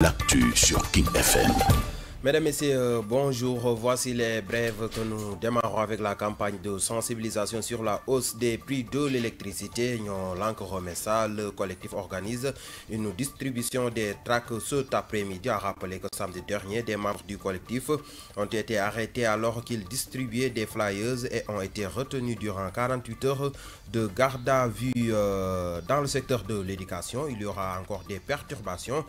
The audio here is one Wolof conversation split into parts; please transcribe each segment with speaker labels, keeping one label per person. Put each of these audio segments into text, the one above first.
Speaker 1: L'actu sur King FM.
Speaker 2: Mesdames, Messieurs, euh, bonjour. Voici les brèves que nous démarrons avec la campagne de sensibilisation sur la hausse des prix de l'électricité. ça, le collectif organise une distribution des tracts cet après-midi. A rappeler que samedi dernier, des membres du collectif ont été arrêtés alors qu'ils distribuaient des flyers et ont été retenus durant 48 heures de garde à vue euh, dans le secteur de l'éducation. Il y aura encore des perturbations.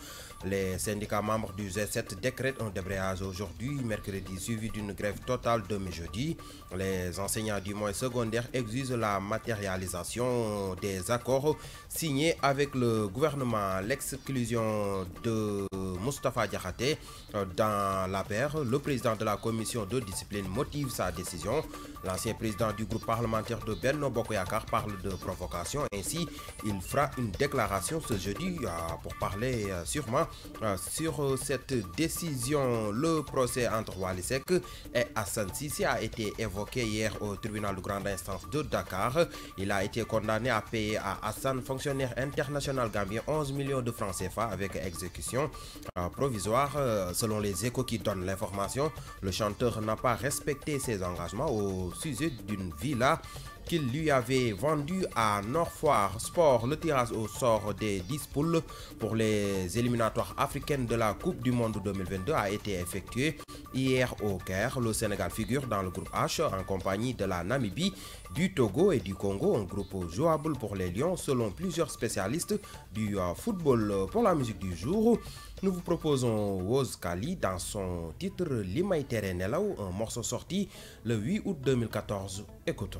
Speaker 2: Les syndicats membres du z 7 décrètent un devrait aujourd'hui, mercredi, suivi d'une grève totale demain jeudi. Les enseignants du moins secondaire exigent la matérialisation des accords signés avec le gouvernement. L'exclusion de Mustafa Diarate euh, dans la paire, le président de la commission de discipline motive sa décision. L'ancien président du groupe parlementaire de Benno Bokoyakar parle de provocation. Ainsi, il fera une déclaration ce jeudi euh, pour parler euh, sûrement sur cette décision le procès entre Walisek et Hassan Sissi a été évoqué hier au tribunal de grande instance de Dakar. Il a été condamné à payer à Hassan, fonctionnaire international gambien, 11 millions de francs CFA avec exécution provisoire. Euh, selon les échos qui donnent l'information, le chanteur n'a pas respecté ses engagements au sujet d'une villa qu'il lui avait vendu à Norfoire Sport le tirage au sort des 10 poules pour les éliminatoires africaines de la Coupe du Monde 2022 a été effectué hier au Caire. Le Sénégal figure dans le groupe H en compagnie de la Namibie, du Togo et du Congo, un groupe jouable pour les Lions selon plusieurs spécialistes du euh, football. Pour la musique du jour, nous vous proposons Woz Kali dans son titre là un morceau sorti le 8 août 2014. Écoutons.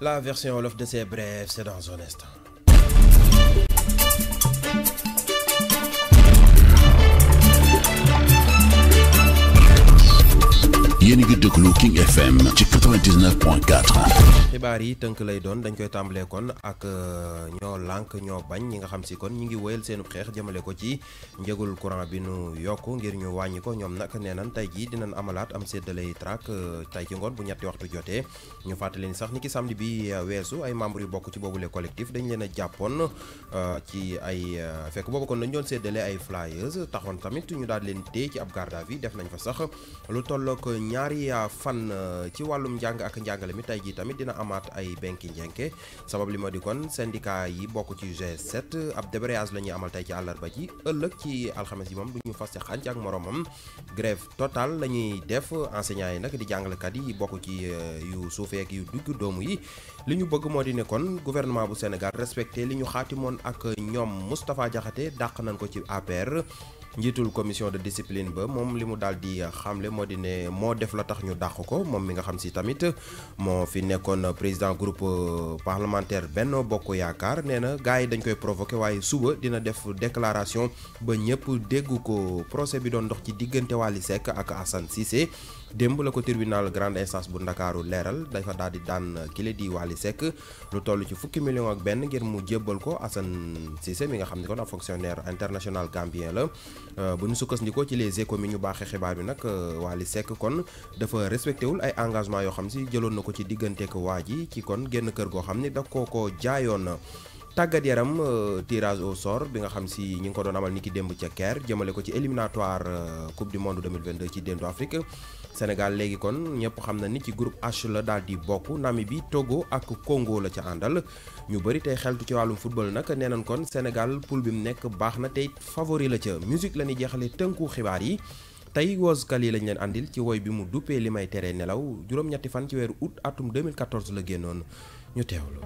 Speaker 2: la version Olof de ces brèves c'est dans un instant yéen a ngi déglu King FM xibaar yi tënk lay doon dañ koy tàmbalee kon ak euh, ñoo lànk ñoo bañ ñi nga xam si kon ñi ngi wéyal seenu xeex jëmale ko ci njëgul courant bi nu yokk ngir ñu wàññi ko ñoom nag nee nan tey jii dinañ amalaat am séddale track euh, tey ci ngoon bu ñetti waxtu jotee ñu fàttali ni sax ni ki samedi bi euh, weesu ay membres yu bokk ci boobule collectif dañ leen a jàppoon ci ay fekk boobu kon dañ doon séddale ay flyers taxoon tamit ñu daal leen téye ci ab garde à def nañ fa sax ñaari ya, fan eh, ci walum jang ak jangale mi tay ji tamit dina amat ay benki jenké sabab li dikon di kon syndicat yi set ci G7 ab débrayage la amal tay ci alarba ji ëllëg ci alhamis yi mom du ñu fas ci ak moromam grève total la def enseignant yi nak di kat yi bokku ci eh, yu ak yu dugg doomu yi li ñu bëgg moo di ne kon gouvernement bu Sénégal respecté li ñu mon ak ñom Moustapha Diakhaté dàq nañ ko ci APR njiitul commission de discipline ba moom li mu daal di xamle moo di moo def la tax ñu dàq ko moom mi nga xam si tamit moo fi nekkoon président groupe euh, parlementaire benn Bokk Yaakaar nee na gars yi dañ koy provoker waaye suba dina def déclaration ba ñëpp dégg ko procès bi doon ndox ci diggante Wally Seck ak Assane Cissé démb la ko tribunal grande instance bu ndakaaru leeral dafa daal di daan kile di Wally sekk lu toll ci fukki million ak benn ngir mu jébbal ko Assane Cissé mi nga xam ne kon ab fonctionnaire international gambien la euh, bu ñu sukkandikoo ci les échos mi ñu baaxee xibaar bi nag euh, Wally Seck kon dafa respecté wul ay engagement yoo xam si jëloon na ko ci ko waa ji ci kon génn kër goo xam ni da koo ko jaayoon na tàggat yaram euh, tirage au sort bi nga xam si ñu ngi ko doon amal ni ki démb ca Caire jëmale ko ci éliminatoire euh, coupe du monde 2022 ci déndu Afrique Sénégal léegi kon ñëpp xam na ni ci groupe H la daal di bokk Namibie Togo ak kongo la ca àndal ñu bëri tey xeltu ci wàllum football nag nee nañ kon Sénégal poule bi mu nekk baax na tey favori la ca musique la ñuy jeexale tënku xibaar yi tey woskal yi lañ leen andil ci woy bi mu duppee li may tere nelaw juróom-ñetti fan ci weeru août atum 2014 la génnoon ñu teewlu.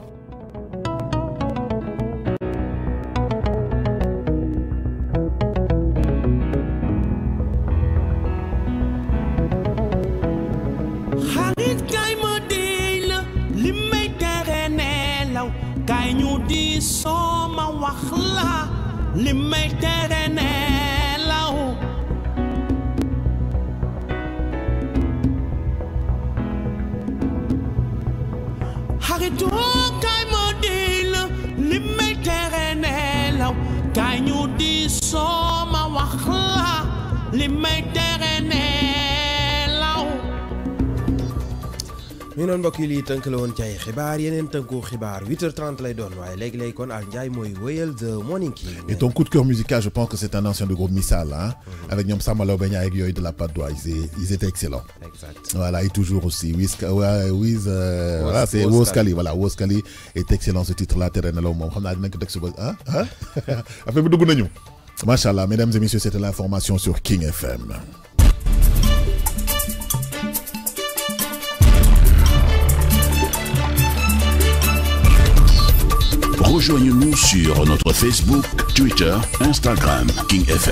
Speaker 1: wahla limeterenelau Haritu kai modil limeterenelau kai nyudi soma wahla limeterenelau
Speaker 2: ñu noon mbokk yi lii tënk la woon ci ay xibaar yeneen tënku xibaar 8h30 lay doon waaye léegi lay kon ak Ndiaye mooy wëyal The Morning King. et ton coup de cœur musical je pense que c'est un ancien de groupe Missal ah. avec ñoom Samba Laobé Niang ak yooyu de la Patte d'Oie ils étaient excellents. exact voilà et toujours aussi Wiz Wiz. Euh, voilà c'est Wos Khali voilà Wos Khali est excellent ce titre là terrain la moom xam naa dinañ ko teg suba ah ah affaire bi dugg nañu. macha allah mesdames et messieurs c'était l'information sur King FM.
Speaker 1: Rejoignez-nous sur notre Facebook, Twitter, Instagram, KingFM.